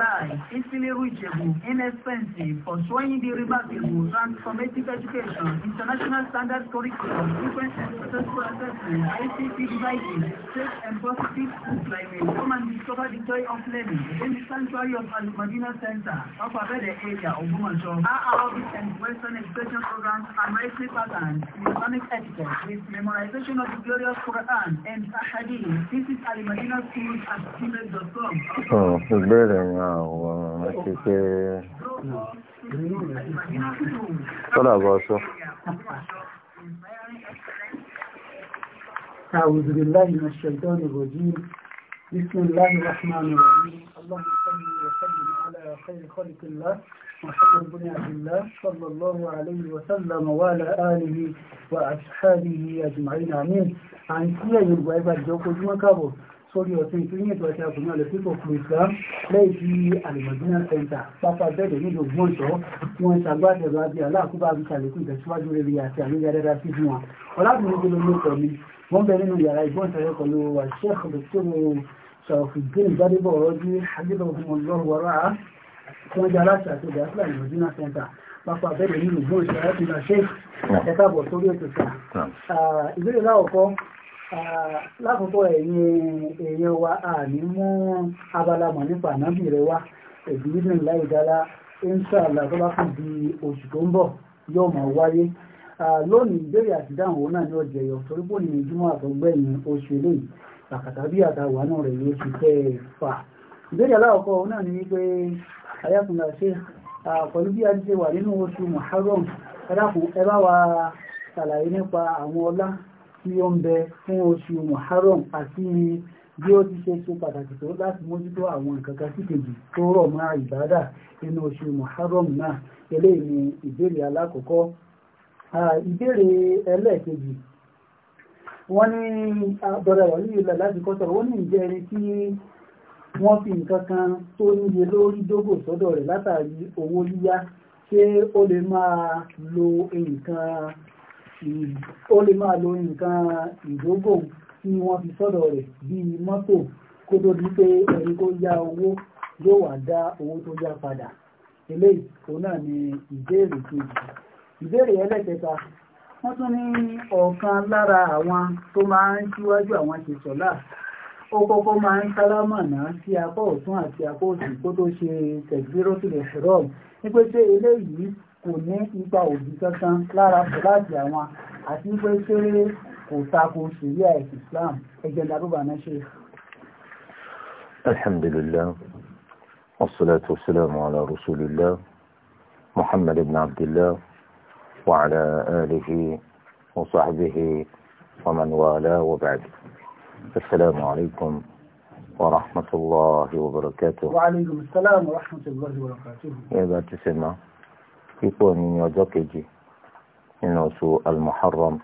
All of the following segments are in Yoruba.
apply easily reachable, inexpensive, pursuing the remarkable, transformative education, international standard curriculum, different and successful assessment, ICT devices, safe and positive school climate, come and discover the joy of learning in the sanctuary of Al-Madina Center, of Abede area of Bumasho. Our Arabic and Western education programs are nicely patterned in Islamic etiquette with memorization of the glorious Quran and Ahadith. This is Al-Madina Schools at gmail.com. Oh, it's better now. àwọn rántí pé sọ́dà bọ́ sọ. أعوذ الشيطان الرجيم بسم الله الرحمن الرحيم اللهم صل وسلم على خير خلق الله محمد بن عبد الله صلى الله عليه وسلم وعلى آله وأصحابه أجمعين آمين àǹtí ẹ̀yìn ìgbà ẹgbà ìjọ kojúmọ́ sórí ọ̀sẹ̀ tí ní ètò ọ̀sẹ̀ àgbòmọ̀ lè pípọ̀ fún ìgbà lẹ́yìn tí alimọ̀dúnà sẹ́ńtà pápá bẹ́ẹ̀dẹ̀ nílò gbọ́ǹsọ́ tí wọ́n ṣàgbàtẹ̀rọ àbí aláàkúbà àbí ṣàlékún ìtẹ̀síwájú rere àti àmúyá dáadáa sí fún wa ọlábìnrin gbogbo ló kọ̀ mi wọ́n bẹ nínú yàrá ìgbọ́ǹsọ̀rọ̀ pẹ̀lú wa sheikh dr sọ̀fìgbé ìgbàdébọ̀ ọ̀rọ̀jú adébọ̀gbọ̀mọ̀lọ́wọ́rọ̀ tí wọ́n jẹ́ aláṣà àti ìdásílẹ̀ alimọ̀dúnà sẹ́ńtà pápá bẹ́ẹ̀dẹ̀ nílò gbọ́ǹsọ̀rọ̀ lákòókò ẹ̀yin èèyàn wa àní mú abalamọ̀ nípa ànábì rẹ wá ẹ̀dùnúdùn láì dára inṣàlá tó bá kù di oṣù tó ń bọ̀ yóò máa wáyé lónìí ìbéèrè àti ìdáhùn náà ni ọjọ́ ẹ̀yọ̀ torí pò ní ìjúmọ́ àtọ́gbẹ̀yìn oṣù eléyìí kàkàtà bí àtàwà náà rẹ̀ yóò ti tẹ́ ẹ fà ìbéèrè aláwọ̀kọ́ náà ni wípé ayákùnlá ṣe pẹ̀lú bí a ti ṣe wà nínú oṣù Muharram ẹ bá wa ṣàlàyé nípa àwọn ọlá tí ó ń bẹ fún oṣù Muharram àti bí ó ti ṣe ṣe pàtàkì tó láti mójútó àwọn nǹkan kan sí kejì tó rọ̀ mọ́ ìbádà nínú oṣù Muharram náà eléyìí ni ìbéèrè alákọ̀ọ́kọ́ ìbéèrè ẹlẹ́ẹ̀kejì wọ́n ní bọ̀dà wà ní ilẹ̀ láti kọ́sọ̀rọ̀ wọ́n ní ìjẹ́rí tí wọ́n fi nǹkan kan tó níye lórí dógò sọ́dọ̀ rẹ̀ látàrí owó yíyá ṣé ó lè máa lo nǹkan ó lè máa lo nǹkan ìdógò tí wọ́n fi sọ́dọ̀ rẹ̀ bíi mọ́tò kó tó di pé ẹni tó yá owó yóò wá dá owó tó yá padà eléyìí òun náà ni ìbéèrè kejì ìbéèrè ẹlẹ́kẹta wọ́n tún ní ọ̀kan lára àwọn tó máa ń síwájú àwọn ṣe sọ́lá ó kọ́kọ́ máa ń sálámà náà sí apá ọ̀tún àti apá òsì kó tó ṣe tẹ̀gbéròtìlẹ̀ ṣọ́ọ̀bù ní pé ṣé eléyìí kò ní ipa òbí kankan lára láti àwọn àti pé ṣé kò tako ṣèlú àìsí Islam ẹgbẹ́ ìdàgbàgbà náà ṣe. alhamdulillah wassalatu wassalamu ala rasulillah muhammad ibn abdillah wa ala alihi wa sahbihi wa man wala wa ba'd assalamu alaykum ورحمة الله وبركاته wa السلام ورحمة الله وبركاته يا بات سمع ipò ní ọjọ́ kejì nínú oṣù al-muharram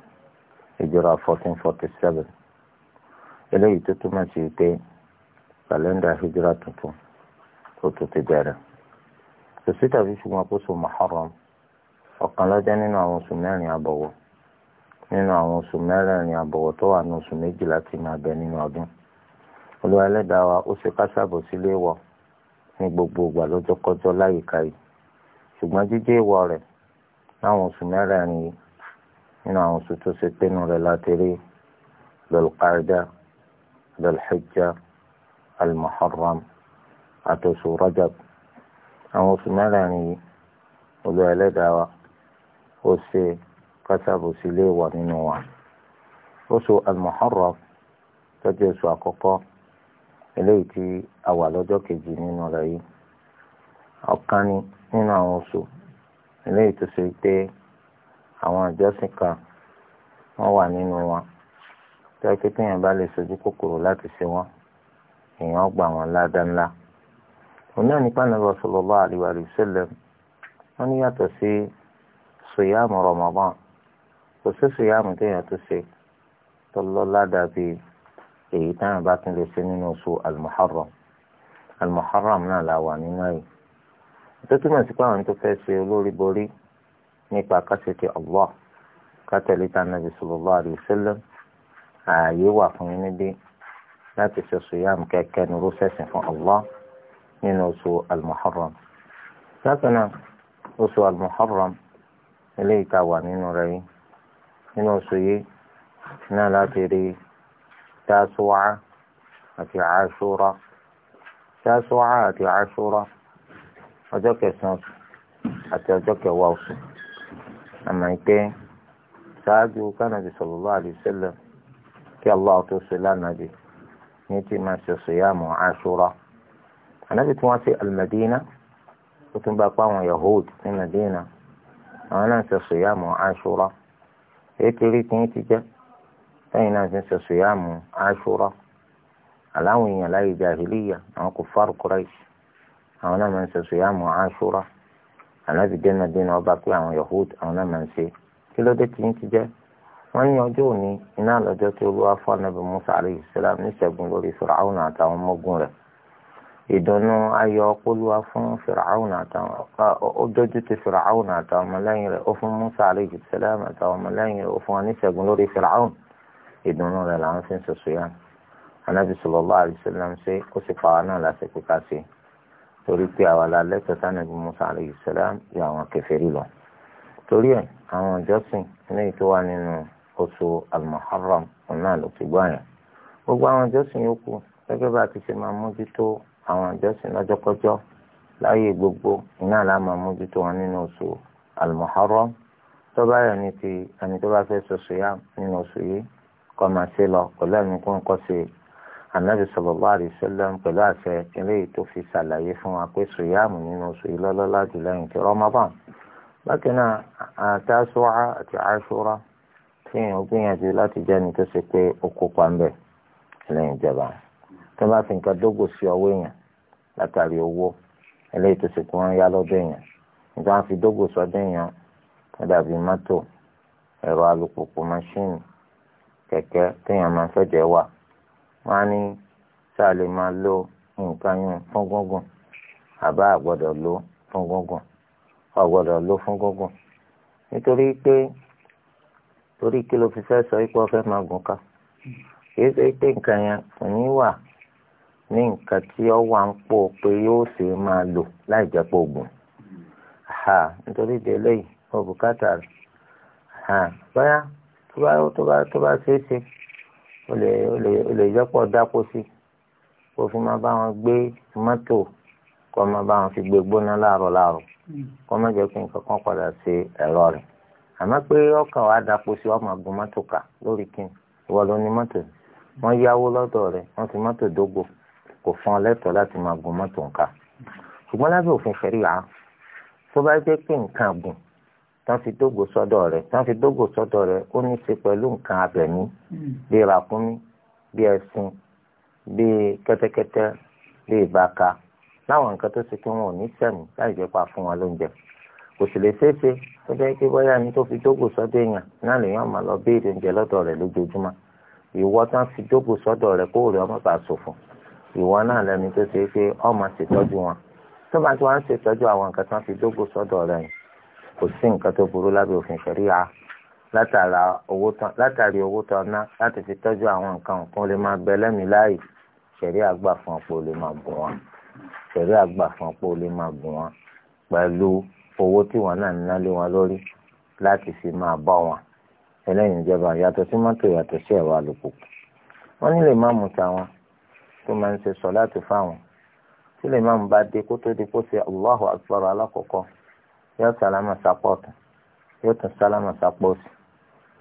ìjọra fourteen forty seven eléyìí tó túmọ̀ sí pé kàlẹ́ndà hijira tuntun tó tó ti bẹ̀rẹ̀ kò sí tàbí ṣùgbọ́n kó so muharram ọ̀kan lọ́jọ́ nínú àwọn oṣù mẹ́rin àbọ̀wọ̀ nínú àwọn oṣù mẹ́rẹ̀ẹ̀rin àbọ̀wọ̀ tó wà ní oṣù méjìlá tí máa bẹ nínú ọdún olúwa ẹlẹ́dàá wa ó ṣe káṣàbò sílé wọ ní gbogbo ìgbà lọ́jọ́kọ́jọ́ láyìíká yìí ṣùgbọ́n jíjẹ́ ìwọ rẹ̀ láwọn oṣù mẹ́rẹ̀ẹ̀rin yìí nínú àwọn oṣù tó ṣe pinnu rẹ̀ láti rí lọ́lùkárẹ́dá lọ́lùhẹ́jà almuharram àtòṣù rajab àwọn oṣù mẹ́rẹ̀ẹ̀rin yìí olú ẹlẹ́dàá wa ó ṣe kásáàbòsí lè wà nínú wa oṣù almuharram tọ́jú oṣù àkọ́kọ́ eléyìí tí a wà lọ́jọ́ kejì nínú rẹ̀ yìí ọ̀kan ni nínú àwọn oṣù eléyìí tó ṣe pé àwọn àjọsìn kan wọ́n wà nínú wọn tó yẹ kí téèyàn bá lè sojú kòkòrò láti ṣe wọn èèyàn gbà wọn ládá ńlá òun náà nípa Ànábì sallallahu alaihi wa sallam wọ́n ní yàtọ̀ sí sòyàmù Ramadan kò sí sòyàmù téèyàn tó ṣe tó dàbí èyí táwọn bá tún lè ṣe nínú oṣù al-Muharram náà la nínú yìí tó túmọ̀ sí pé àwọn tó fẹ́ ṣe olórí borí nípa kásìtì Allah kátẹ́lí tá nàbì sallallahu alaihi wasallam ààyè wà fún yín níbí láti ṣe sùyàm kẹ́kẹ́ nuró sẹ́sìn fún Allah nínú oṣù al-Muharram látọ̀ náà oṣù al-Muharram eléyìí tá a wà nínú rẹ̀ yìí nínú oṣù yìí náà láti rí Tasu'a àti Ashura Tasu'a àti Ashura ọjọ́ kẹsàn-án àti ọjọ́ kẹwàá oṣù àmọ́ ìpẹ́ ṣáájú kánàbì sallallahu alaihi wasallam kí Allah tó ṣe lánàbì ní tí máa ṣe ṣìyàmù Àṣúrà ànábì tí wọ́n ṣe al-Madina ó tún bá pàwọn Yahud ní Madina àwọn náà ṣe ṣìyàmù Àṣúrà kékeré kí n ti jẹ́ lẹ́yìn náà ṣe ń ṣe ṣìyàmù Àṣúrà aláwọn èèyàn láyé jàhìlíyà àwọn kò fárú Quraysh àwọn náà máa ń ṣe sùyàmù àṣúrà ànábì dé Mẹdínà ọba pé àwọn Yahud àwọn náà máa ń ṣe kí ló dé tiyín ti jẹ́ wọ́n ní ọjọ́ òní iná lọ́jọ́ tí olúwa fún ànábì Musa alayhi salam níṣẹ́gun lórí Fìràhùn àtàwọn ọmọogun rẹ̀ ìdùnnú ayọ̀ ọpọlọwà fún Fìràhùn àtàwọn ó dojú ti Fìràhùn àtàwọn ọmọlẹ́yìn rẹ̀ ó fún Musa alayhi salam àtàwọn ọmọlẹ́yìn rẹ̀ ó fún wọn níṣẹ́gun lórí Fìràhùn ìdùnnú rẹ̀ làwọn fi ń ṣe sùyàmù ànábì sallallahu alayhi ṣe ó sì pa àwọn náà láti pé ká ṣe é torí pé àwa la lẹ́tọ̀ọ́ sanabi musa alayhi salam yọ àwọn kèfèrí lọ torí ẹ̀ àwọn ìjọsìn eléyìí tó wà nínú oṣù al-muharram òun náà ló ti gbọ́ yẹn gbogbo àwọn ìjọsìn yòókù gẹ́gẹ́ bá a ti ṣe máa mójútó àwọn ìjọsìn lọ́jọ́kọjọ́ láyé gbogbo iná la máa mójútó wọn nínú oṣù al tó bá yẹ ní ti ẹni tó bá fẹ́ ṣoṣo yá nínú oṣù yìí kọ́ máa ṣe lọ pẹ̀lú ẹ̀mí anabi sallallahu alaihi wasallam pẹ̀lú àṣẹ eléyìí tó fi ṣàlàyé fún wa pé sòyàmù nínú oṣù yìí lọ́lọ́lá jù lẹ́yìn tí rọmọbọn bákan náà àtàṣọwá àti àṣọra tí èèyàn gbìyànjú láti jẹni tó ṣe pé ó kópa ń bẹ lẹ́yìn ìjọba tó bá fi nǹkan dógò sí ọwọ́ èèyàn látàrí owó eléyìí tó ṣe pé wọn yá lọ́dọ̀ èèyàn nígbà wọn fi dógò sọ́dọ̀ èèyàn dàbí mọ́tò ẹ̀rọ alùpùpù máṣíìnì kẹ̀kẹ́ téèyàn máa ń fẹjẹ wà wọ́n a ní sáà lè máa lo nǹkan yún fún gúngùn àbá àgbọ́dọ̀ lo fún gúngùn lo fún gúngùn nítorí pé torí kí ló fi fẹ́ sọ ipò ọ̀fẹ́ máa gùn ká kìí ṣe pé nǹkan yẹn kò ní wà ní nǹkan tí ó wà ń pò pé yóò ṣe máa lò láì o lè o lè o lè jẹ́pọ̀ dáko sí kó fi máa bá wọn gbé mọ́tò kó máa bá wọn fi gbé gbóná láàrọ̀ láàrọ̀ kó má jẹ́ kí nǹkan kan padà sí ẹ̀rọ rẹ̀ àmọ́ pé ọkàn wa dáko sí ọmọ gun mọ́tò kà lórí kí ìwọ ló ní mọ́tò wọ́n yáwó lọ́dọ̀ rẹ̀ wọ́n fi mọ́tò dógò kò fún ọ lẹ́tọ̀ọ́ láti máa gun mọ́tò nǹka ṣùgbọ́n lábẹ́ òfin ṣẹ̀ríà tó bá jẹ́ pé nǹkan gùn tán fi dógò sọ́dọ̀ rẹ̀ tán fi dógò sọ́dọ̀ rẹ̀ ó ní í ṣe pẹ̀lú nǹkan abẹ̀mí hmm. bíi ràkúnmí bíi ẹṣin bíi kẹ́tẹ́kẹ́tẹ́ bíi ìbáka láwọn nǹkan tó ṣe kí wọn ò ní sẹ̀mí láì jẹ́ pa fún wọn lóúnjẹ kò sì lè ṣeé ṣe tó jẹ́ pé bóyá ni tó fi dógò sọ́dọ̀ èèyàn náà lèèyàn máa lọ béèrè oúnjẹ lọ́dọ̀ rẹ̀ lójoojúmọ́ ìwọ tán fi dógò sọ́dọ̀ rẹ̀ kó rẹ̀ ọmọ bá ṣòfò ìwọ náà lẹni tó ṣe pé ọmọ ṣètọ́jú wọn tó bá ti wá ń ṣètọ́jú àwọn nǹkan tán fi dógò sọ́dọ̀ rẹ̀ yìí kò sí nǹkan tó burú lábẹ́ òfin ṣẹ̀ríà látàrí owó tó ná láti fi tọ́jú àwọn nǹkan kan lè máa gbẹ lẹ́mìí láàyè ṣẹ̀ríà gbà fún ọ̀pọ̀ lè máa gùn wọn ṣẹ̀ríà gbà fún ọ̀pọ̀ lè máa gùn wọn pẹ̀lú owó tí wọn náà ná lé wọn lórí láti fi máa bọ́ wọn ẹlẹ́yìn ìjọba yàtọ̀ sí mọ́tò yàtọ̀ sí ẹ̀rọ alùpùpù wọ́n nílè má mú tó máa ń ṣe sọ láti fáwọn tí lè bá dé kó tó di kó ṣe Allahu Akbar alákọ̀ọ́kọ́ yóò sálámà sápọ̀ ọ̀tún yóò tún sálámà sápọ̀ òsì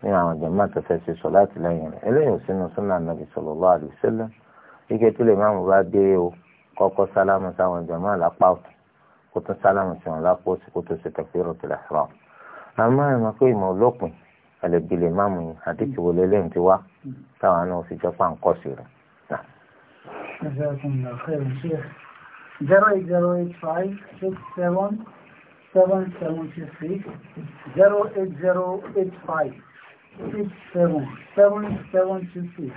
nínú àwọn jàmáà tó fẹ́ ṣe sọ láti lẹ́yìn rẹ̀ eléyìí ò sínú súnà nàbì sallallahu alaihi wasallam ike tí lè máàmù bá dé o kọ́kọ́ sálámù sáwọn jàmáà lápá ọ̀tún kó tún sálámù sí wọn lápá òsì kó tó ṣe takbiratul ihram. àmọ́ ẹ̀ pé ìmọ̀ olópin ẹlẹ́bi lè máàmù yìí àdìkì wọlé lẹ́yìn tí wá táwọn náà fi jọ pa nǹkan sí rẹ̀. zero eight zero eight five six seven. 776 08085 67776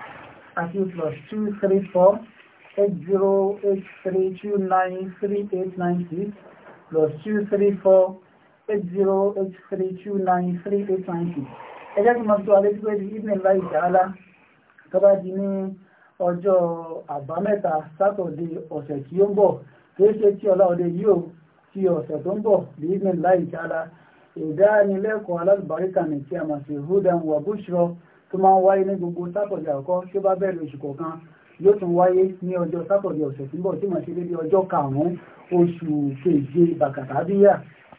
àti plus 234 8083293896 plus 234 8083293896 ẹjẹ́ tí mo tó alẹ́ tí pé di evening láì dáálá tó bá di ní ọjọ́ àbámẹ́ta sátọ̀dé ọ̀sẹ̀ tí ó ń bọ̀ kìí ṣe tí ọlá ọdẹ yìí ti ọ̀sẹ̀ tó ń bọ̀ bíbẹ̀ láì sára ìdánilẹ́kọ̀ọ́ alábàríkà ní tí a mọ̀ sí hudan wa bushra tó máa ń wáyé ní gbogbo sátọ̀dẹ̀ àkọ́ tí ó bá bẹ̀rẹ̀ oṣù kọ̀ọ̀kan yóò tún wáyé ní ọjọ́ sátọ̀dẹ̀ ọ̀sẹ̀ tí ń bọ̀ tí mọ̀ sí dédé ọjọ́ karùn-ún oṣù keje bàkàtàbíyà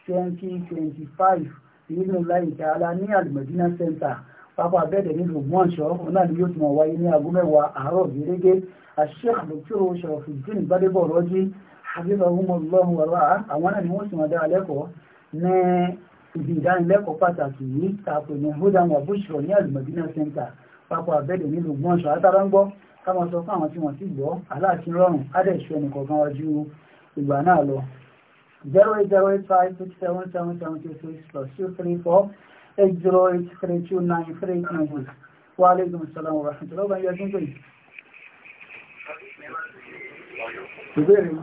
2025 bíbẹ̀ láì sára ní alimọ̀dínà center pápá abẹ́ẹ̀dẹ̀ nílùú mọ́ọ̀ṣọ́ ọ̀nà ni yóò tún wáyé ní aago mẹ́wàá àárọ̀ gẹ́gẹ́ àṣẹ́ àdókòrò ṣọ̀fùdín gbadébọ̀ rọ́jí hafizahumullahu wàrà àwọn náà ni wọ́n sì máa dára lẹ́kọ̀ọ́ ní ibi ìdánilẹ́kọ̀ọ́ pàtàkì yìí tààpù ní hudan wa bushra ní al-Madina center papọ̀ abẹ́dẹ̀ nílùú gbọ́nsọ atára ń gbọ́ káwọn sọ fún àwọn tí wọ́n ti gbọ́ aláàfin rọrùn adẹ̀ṣù ẹnìkọ̀ọ̀kan wájú ìgbà náà lọ zero eight zero eight five six seven seven seven two six plus two three four eight zero eight three two nine three eight nine one wa salaam wa rahmatulah ọba yẹn tún pè ìbéèrè yìí.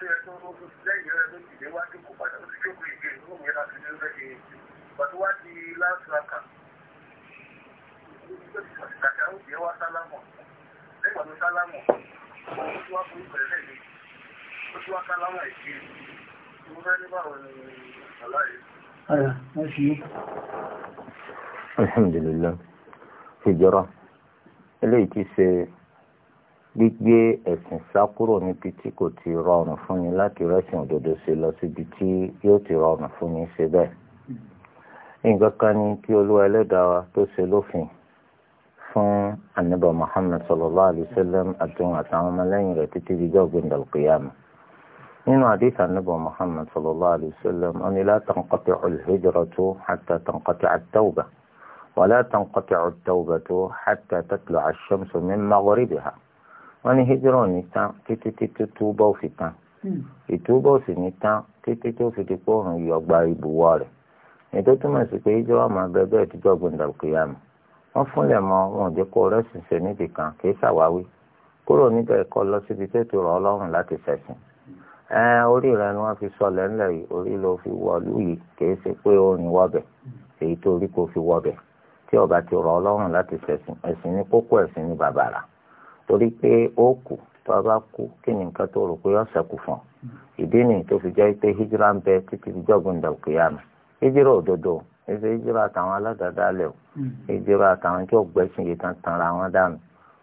tó yẹ tó ó lẹ́yìn rẹ̀ tó dìde Alhamdulillah, hijira, eléyìí ti ṣe gbígbé ẹ̀sìn sá kúrò níbi tí kò ti rọrùn fún ni láti rẹ́sìn òdodo ṣe lọ síbi tí yóò ti rọrùn fún ni ṣe bẹ́ẹ̀. nǹkan kan ni kí olúwa ẹlẹ́dàá wa tó ṣe lófin fún anábà muhammed sallallahu alayhi wa sallam àtúnwò àtàwọn ọmọlẹ́yìn rẹ̀ títí di jọ́gbìn dàlùkìyàmù. nínú àdéhùn anábà muhammed sallallahu alayhi wọn ni la tanqati'u al-hijratu hatta tanqati'a at-tawbah wa la tanqati'u at-tawbatu hatta wọ́n ní hijron ní tán títí títí tó bá ò fi tán ètò bá ò sì ní tán títí tó fi di pé òun yọ gba ibùwọ̀ rẹ̀ ètò túmọ̀ sí pé hijron máa bẹ bẹ́ẹ̀ tíjọ́ gbọ̀ndàkúyàmù wọ́n fúnlẹ̀ mọ́ wọn ò jẹ́ kó rẹ́sìn ṣe níbi kan kì í ṣàwáwí kúrò níbẹ̀ kọ́ lọ síbi tó ti rọ̀ ọlọ́run láti ṣẹ̀sìn orí rẹ ni wọ́n fi sọlẹ̀ ńlẹ̀ yìí orí ló fi wọlú yìí kì í ṣe pé orin wọbẹ̀ èyí tó rí kó fi wọbẹ̀ tí ọba ti rọ̀ ọlọ́run láti ṣẹ̀sìn ẹ̀sìn ní kókó ẹ̀sìn ní bàbàrà torí pé ó kù tó a bá kú kí ni nǹkan tó rò pé ó ṣẹ́kù fún ọ ìdí nìyí tó fi jẹ́ pé hijira ń bẹ títí fi jọ́gun dàkúyàmù hijira òdodo ẹsẹ̀ hijira àtàwọn aládàádálẹ̀ o hijira mm-hmm. àtàwọn tí ó gbẹ́sìn yìí kan tanra wọn dànù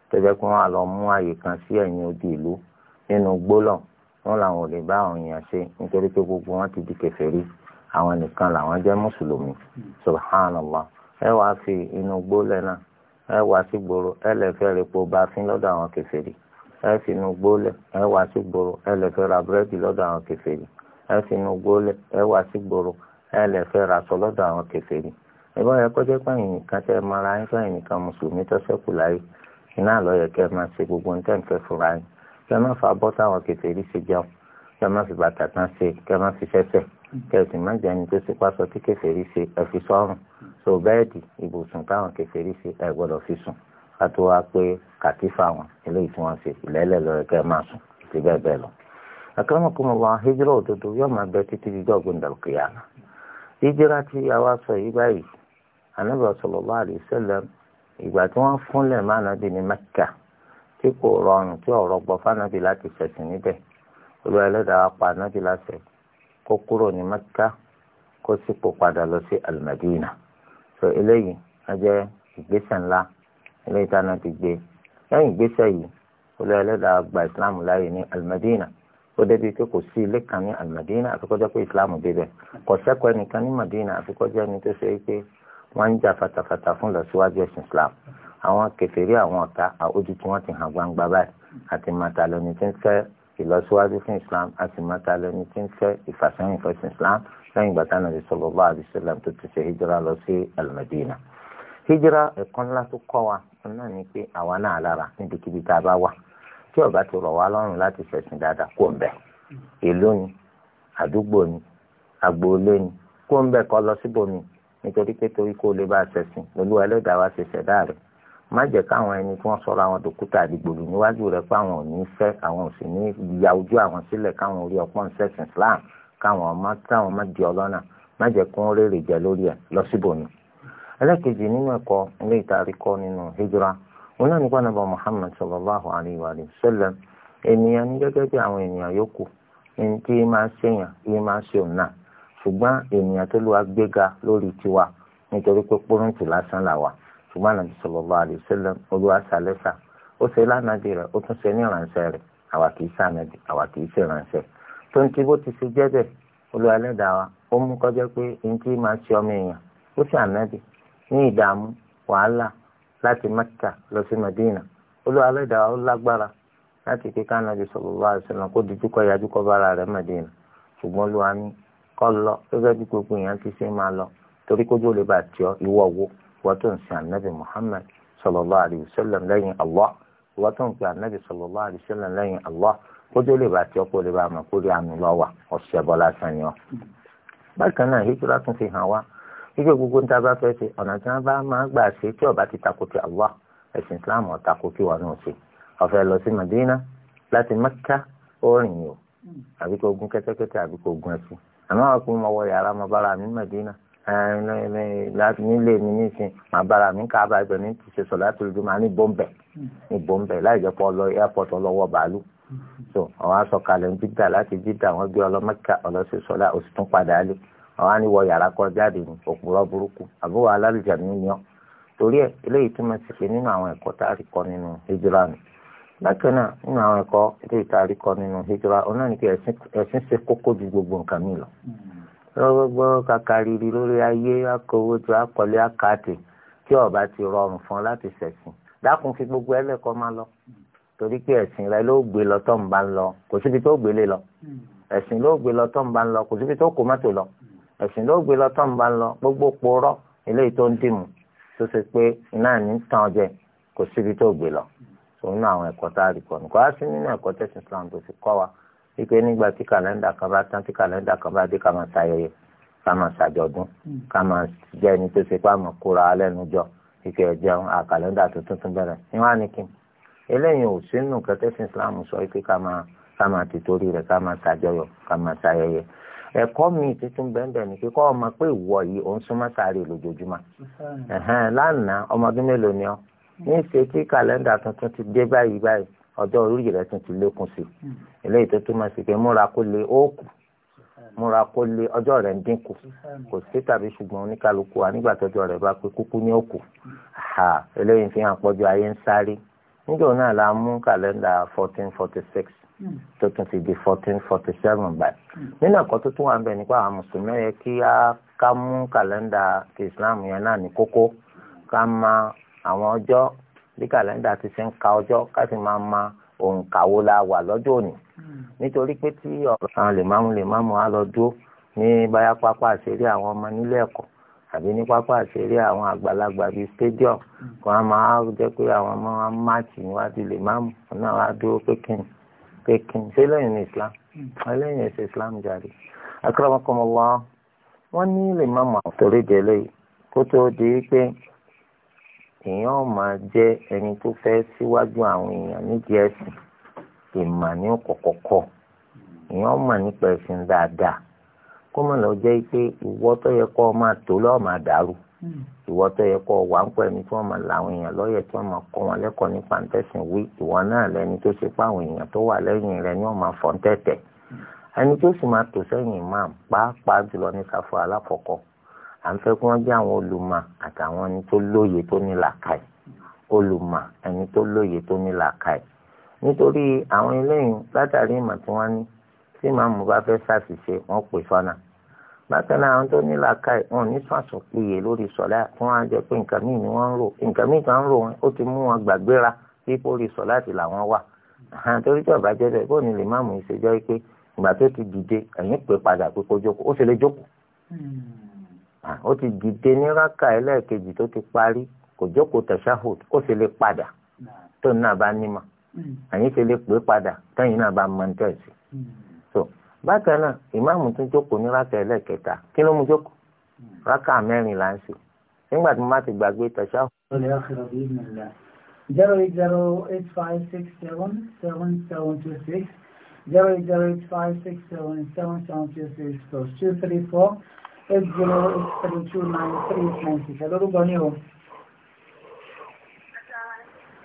tó jẹ́ pé wọ́n á lọ mú àyè kan sí ẹ̀yìn odi ìlú nínú gbólọ̀ wọn làwọn ò lè bá àwọn èèyàn ṣe nítorí pé gbogbo wọn ti di kèfèrí àwọn nìkan làwọn jẹ́ mùsùlùmí mm-hmm. subhanallah ẹ wàá fi inú gbólẹ̀ náà ẹ wá sí gbòòrò ẹ lè fẹ́ repo bafin lọ́dọ̀ àwọn kèfèrí ẹ finú gbólẹ̀ ẹ wá sí gbòòrò ẹ lè fẹ́ ra búrẹ́dì lọ́dọ̀ àwọn kèfèrí ẹ finú gbólẹ̀ ẹ wá sí gbòòrò ẹ lè fẹ́ ra aṣọ lọ́dọ̀ àwọn kèfèrí ìbá yẹ kọjá pẹ́yìn nìkan tẹ́ máa ra yín fẹ́yìn nìkan mùsùlùmí tó ṣẹ́kù láyé iná lọ yẹ kẹ́ máa ṣe gbogbo ní tẹ́ǹfẹ́ fúnra yín kẹ́ máa fà bọ́ táwọn kèfèrí ṣe jẹun kẹ́ máa fi bàtà tán ṣe kẹ́ máa fi kẹsì má jẹni tó ṣe pásọ tí kèfèrí ṣe ẹfi sọrùn so bẹ́ẹ̀dì ibùsùn táwọn kèfèrí ṣe ẹ gbọ́dọ̀ fi sùn ká tó wá pé kàtífà wọn eléyìí tí wọ́n ṣe ìlẹ́lẹ̀ lọ́rẹ́ kẹ́ máa sùn àti bẹ́ẹ̀ bẹ́ẹ̀ lọ. àkàràmọ̀kùnmọ̀ wa hijira òdodo yóò máa bẹ títí di dọ́gbìn dàlùkìyàmà hijira tí àwa sọ yìí báyìí Ànábì sallallahu alaihi wasallam ìgbà tí wọ́n fúnlẹ̀ máa nàbì ní Mẹ́kà tí kò rọrùn tí ọ̀rọ̀ gbọ́ fánàbì láti ṣẹ̀sìn níbẹ̀ kó kúrò ní mẹ́kà kó sípò padà lọ sí alimadina so eléyìí á jẹ́ ìgbésẹ̀ ńlá eléyìí tá a náà ti gbé lẹ́yìn ìgbésẹ̀ yìí ó lọ ẹlẹ́dàá gba ìsìláàmù láàyè ní alimadina ó débi pé kò sí ilé kan ní alimadina àfi kó jẹ́ pé ìsìláàmù débẹ̀ kò sẹ́kọ̀ọ́ ẹnìkan ní madina àfi kó jẹ́ ẹni tó ṣe é pé wọ́n ń jà fatafata fún ìlọsíwájú ẹ̀sìn islam àwọn kèfèrí àwọn ọ̀tá àwòjú tí wọ́n ti hàn gbangba báyìí àti màtàlóni tí ń fẹ́ ìlọsíwájú fún islam àti mọ́tàlẹ́ ní tí ń fẹ́ ìfàsẹ́yìn fẹ́sìn islam lẹ́yìn ìgbà táwọn ẹ̀dẹ̀ sallallahu alaihi wasallam tó ti ṣe hijira lọ sí al-Madina hijira ẹ̀kọ́ ńlá tó kọ́ wa náà ni pé àwa náà lára níbikíbi tá a bá wà tí ó bá ti rọ̀ wá lọ́rùn láti ṣẹ̀sìn dáadáa kó ń bẹ̀ ìlú ni àdúgbò ni agboolé ni kó ń bẹ̀ kọ́ lọ síbòmí nítorí pé torí kó o lè bá a ṣẹ̀sìn olúwa ẹlẹ́dàá wa ṣe ṣẹ̀dá rẹ̀ má jẹ́ káwọn ẹni tí wọ́n sọ̀rọ̀ àwọn dòkútà àdìgbòlù níwájú rẹ̀ pé àwọn ò ní fẹ́ àwọn ò sì ní ya ojú àwọn sílẹ̀ káwọn orí ọpọ́n sẹ́sìn Islam káwọn ọmọ táwọn má di ọlọ́nà má jẹ́ kí wọ́n rèrè jẹ lórí ẹ̀ lọ́síbòmí. ẹlẹ́kejì nínú ẹ̀kọ́ ilé ìtàrí kọ́ nínú hijra wọn náà nípa nàbà Muhammad sallallahu alayhi wa sallam ènìyàn ní gẹ́gẹ́ bí àwọn ènìyàn yòókù ní tí máa ṣèyàn ní máa ṣe òun náà ṣùgbọ́n ènìyàn tó lù wá gbéga lórí tiwa nítorí pé pọ́ńtù lásán làwà ṣùgbọ́n àlàyé sallallahu alaihi wasallam olúwa ṣàlẹ́sà ó ṣe lánàbì rẹ̀ ó tún ṣe ní ìrànṣẹ́ rẹ̀ àwa kìí ṣànàbì àwa kìí ṣe ìrànṣẹ́ tó ń ti bó ti ṣe jẹ́ bẹ́ẹ̀ olúwa ẹlẹ́dàá wa ó mú kọjá pé n tí máa ṣe ọmọ èèyàn ó ṣe ànábì ní ìdààmú wàhálà láti Mẹ́kà lọ sí Mẹ́dínà olúwa ẹlẹ́dàá wa ó lágbára láti pé kánàbì sallallahu alaihi wasallam kó dojúkọ yájúkọ bára rẹ̀ Mẹ́dínà wọ́n tó ń sin anabi muhammad sallallahu alayhi wa sallam lẹ́yìn allah wọ́n tó ń pe anabi sallallahu alayhi wa sallam lẹ́yìn allah kójú lè bá tiọ́ kó lè bá mọ̀ kó lè àmì lọ́wọ́ ọ̀sẹ̀ bọ́ lásán ni ọ́. bákan náà hijira tún fi hàn wá wípé gbogbo níta bá fẹ́ ṣe ọ̀nà tí wọ́n bá máa gbà ṣe tí ọba ti takò ti allah ẹ̀sìn islam ọ̀takò kí wọn náà ṣe ọ̀fẹ́ lọ sí madina láti mẹ́kà ó rìn yìí o àbí kó kẹ́tẹ́kẹ́tẹ́ àbí kó gun àmọ́ àwọn kò mọ wọ yàrá mọ bára mi madina láti nílé mi nísìn màá bára mi ká bá ibẹ̀ ti ṣe ní bọ́m̀bẹ̀ ní bọ́m̀bẹ̀ láì jẹ́ lọ airport ọlọ́wọ́ bàálù so àwọn asọ̀kalẹ̀ ń jídà láti jídà wọ́n gbé ọlọ́mọ́kà ọlọ́sẹ̀ sọ̀lá oṣù tún padà lé àwọn àníwọ̀ yàrá jáde ní òpùrọ̀ burúkú àbúrò alálùjá mi torí ẹ̀ eléyìí nínú àwọn ẹ̀kọ́ tá a rí kọ́ nínú ni bákan náà nínú àwọn ẹ̀kọ́ tá a rí kọ́ nínú lọ́gbọ́n kàkàrìrì lórí ayé akọ̀wé tó akọ̀lé akáàtì tí ọba ti rọrùn fún ọ láti ṣẹ̀sìn dákun fi gbogbo ẹlẹ́kọ́ máa lọ torí pé ẹ̀sìn rẹ ló gbé lọ tó ń bá ń lọ kò síbi tó gbélé lọ ẹ̀sìn ló gbé lọ tó ń bá ń lọ kò síbi tó kó mọ́tò lọ ẹ̀sìn ló gbé lọ ń bá ń lọ gbogbo pòórọ́ eléyìí tó ń dìmú tó ṣe pé náà ní tàn jẹ kò síbi tó gbé lọ òun náà àwọn ẹ̀kọ́ tá a rí kọ́ nìkan á sí nínú ẹ̀kọ́ tẹ̀sìn tó fi kọ́ wa. wípé nígbà tí kàlẹ́ndà kan bá tán tí kàlẹ́ndà kan bá dé ká máa ṣayẹyẹ ká máa ṣàjọ̀dún hmm. ká máa jẹ́ ẹni tó ṣe kóra tuntun eléyìí ò sínú kẹtẹ́sì Islam sọ wípé ká máa ká máa ti torí rẹ̀ ká máa ṣàjọyọ̀ ká mi tuntun bẹ́ẹ̀ ni pé ọmọ pé ìwọ yìí òun súnmọ́ sáré lójoojúmọ́ lánàá ọmọdún mélòó ni hmm. ní ìṣe tí dé báyìí báyìí ọjọ́ orí rẹ̀ tún ti lékún sí i hmm. eléyìí tó túmọ̀ sí pé múra kó lè ó kù múra kó lè ọjọ́ rẹ̀ ń dínkù kò sí tàbí ṣùgbọ́n oníkálukú wa nígbà rẹ̀ bá pé kúkú ní òkú ha hmm. eléyìí fi hàn pọ́jọ́ ayé ń sáré níjọ́ náà la mú kàlẹ́ndà fourteen forty six hmm. tó tún ti di fourteen forty seven báyìí nínú ẹ̀kọ́ tó tún wà ń bẹ̀ nípa àwọn mùsùlùmí yẹ kí á ká mú kàlẹ́ndà ti Islam yẹn náà ní kókó ká máa àwọn ọjọ́ bí kàlẹ́ndà ti ṣe ń ka ọjọ́ ká sì máa ma òǹkàwó la wà lọ́jọ́ òní hmm. nítorí pé tí ọ̀rọ̀ kan lè máàmù lè máàmù á lọ dúró ní báyà pápá àṣírí àwọn ọmọ nílé ẹ̀kọ́ àbí ní pápá àṣírí àwọn àgbàlagbà bíi stadium kan hmm. á máa jẹ́ pé àwọn ọmọ wa máàkì níwájú lè máàmù náà wá dúró pékin pékin ṣé lẹ́yìn ní Islam hmm. lẹ́yìn ẹ̀sẹ̀ Islam jáde akérèmọkọmọ wa wọ́n ní lè máàmù àtòrí jẹ lẹ́yìn kó tó di pé èèyàn ò máa jẹ́ ẹni tó fẹ́ síwájú àwọn èèyàn nídìí ẹ̀sìn ìmà ní kọ̀kọ̀kọ̀ èèyàn mà nípa ẹ̀sìn dáadáa kó mọ̀ lọ jẹ́ pé ìwọ tó yẹ kó máa tó lọ́ọ́ máa dàrú hmm. ìwọ tó yẹ kó wà ń pọ̀ ẹni tí wọ́n máa la àwọn èèyàn lọ́yẹ̀ tí wọ́n máa kọ́ wọn lẹ́kọ̀ọ́ nípa ntẹ̀sìn wí ìwọ náà lẹni tó ṣe pé àwọn èèyàn tó wà lẹ́yìn rẹ ni wọ́n máa fọ́ ń hmm. ẹni tó sì máa tò sẹ́yìn imam pàápàá jùlọ ní sáfù alákọ̀ọ́kọ́ à ń fẹ́ kí wọ́n jẹ́ àwọn olùmọ̀ àtàwọn ẹni tó lóye tó ní làákàyè olùmọ̀ ẹni tó lóye tó ní làákàyè nítorí àwọn eléyìí látàrí ìmọ̀ tí wọ́n ní tí màmú bá fẹ́ ṣàṣìṣe wọ́n pè sọ́nà bákan náà àwọn tó ní làákàyè wọn ní sàṣùn péye lórí sọ̀lá wọn á jẹ pé nǹkan míì ni wọ́n ń rò nǹkan míì kan ń rò wọn ó ti mú wọn gbàgbéra bí pórí sọ̀lá ti làwọn wà àwọn torí tí ọ̀bá jẹ́ bẹ́ẹ̀ bó ni lè má mú pé ìgbà tó ti dìde ẹ̀yìn pé padà pé kó jókòó ó sì lè jókòó hmm ó ti dìde ní rákà ẹlẹ́ẹ̀kejì tó ti parí kò jókòó tashahhud ó sì lè padà tó náà bá nímọ̀ hmm. àyìn ṣe lè pè padà tẹ́yìn náà bá mọ hmm. so bákan náà ìmáàmù tún jókòó ní rákà ẹlẹ́ẹ̀kẹta kí ló mú jókòó hmm. rákà mẹ́rin là ń ṣe nígbà tí mo bá ti gbàgbé tashahhud. zero eight zero eight five six seven seven seven two six zero eight zero eight five six seven seven seven two six plus two three four. اجلوا الرجوع مع الفريق الحنفي هذا ربانيهم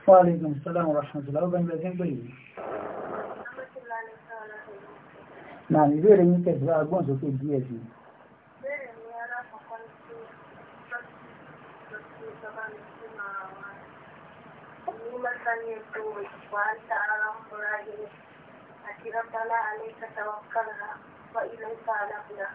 وعليكم السلام ورحمة الله وبركاته نعم ìbéèrè ní tẹ̀síwá agbọ́n sókè díẹ̀ sí àti rọ́bálá àlẹ́kàtàwọ̀ kọ́lá wà ilẹ̀ ìfà àlàkùnrin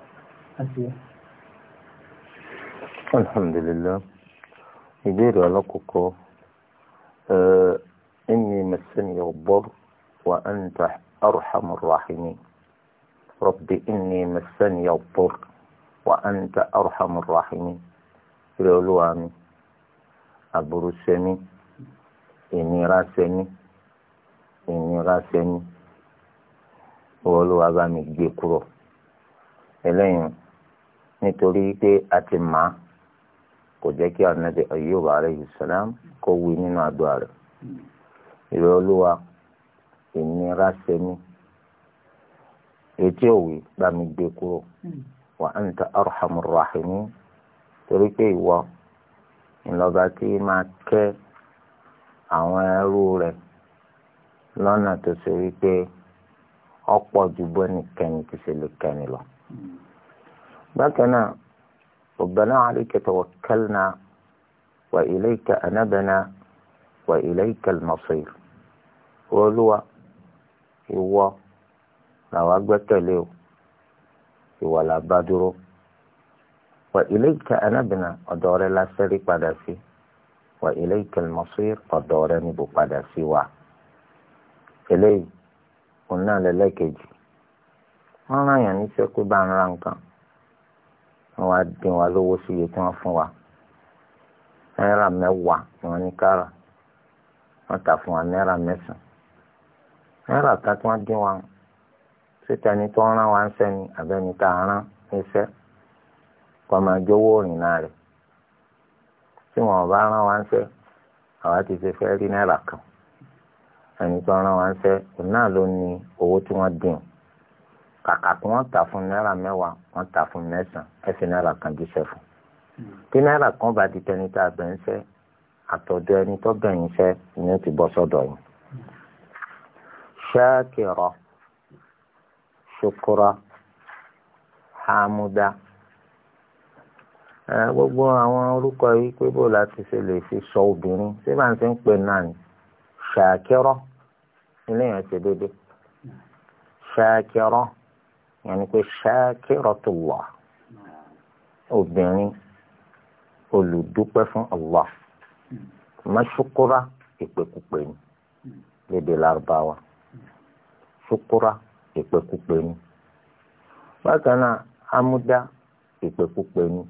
àti ẹ̀. alhamdulillah ìbéèrè alákọ̀ọ́kọ́ inni masani ad-darr wa anta arhamur rahimin rabbi inni masani ad-darr wa anta arhamur rahimin rẹ̀ olúwa mi àbúrú sẹ́mi ìnira sẹ́mi ìnira sẹ́mi olúwa bá mi gbé kúrò ẹlẹ́yìn nítorí pé a ti mọ̀ á kò jẹ́ kí anabi Ayyub alayhi salam kó wí nínú àdúrà rẹ̀ ìrẹ́ olúwa ìnira ṣe mí etí òwe bá mi gbé kúrò wa anta arhamur rahimin torí pé ìwọ ńlọba tí máa kẹ́ àwọn ẹrú rẹ̀ lọ́nà tó ṣe wípé ọ̀pọ̀ ju bọ́ nìkẹ́ni ti ṣe lè kẹ́ni lọ bákan náà rabbana alayka tawakkalna wa ilayka anabna wa ilayka al-masir olúwa ìwọ làwa gbẹ́kẹ̀lé o ìwọ la bá dúró wa ilayka anabna ọ̀dọ̀ rẹ la ṣẹ́rí padà sí wa ilayka al-masir ọ̀dọ̀ rẹ níbo padà sí wa eléyìí òun náà lẹ́lẹ́kejì wọ́n rán yàn níṣẹ́ pé bá ń ra nǹkan wọ́n wá dín wa lówó sí iye tí wọ́n fún wa náírà mẹ́wàá ni wọ́n ní kára wọ́n tà fún wa náírà mẹ́sàn náírà ká tí wọ́n dín wa síta ni tó ń rán wa ń sẹ́ni àbẹ́ni tá a rán níṣẹ́ kó máa jówó òrìnnà rẹ̀ tí wọ́n bá rán wa ń sẹ́ àwa ti ṣe fẹ́ rí náírà kan ẹni tó rán wa ń sẹ́ òun náà ló ní owó tí wọ́n dín kàkà tí wọ́n tà fún náírà mẹ́wàá wọ́n ta fún mẹ́sàn ẹ fi náírà kan jíṣẹ́ fún tí náírà kan bá di tẹni tá a bẹ̀ ń sẹ́ àtọ̀dọ̀ ẹni tó bẹ̀yìn sẹ́ ni ó ti bọ́ sọ́dọ̀ yìí. ṣáàkìrọ ṣukura hamuda gbogbo àwọn orúkọ yìí pé bó láti ṣe lè fi sọ obìnrin tí bá ń ti ń pè náà ni ṣáàkìrọ ilé yẹn ti dédé ṣáàkìrọ yẹn ni pé ṣáàkìrọ̀tùwà obìnrin olùdúpẹ́ fún Allah mọ́ṣúkúrá ìpèkúpè ni lédè lárúbáwá ṣúkúrá ìpèkúpè ni bákan náà amúdá ìpèkúpè ni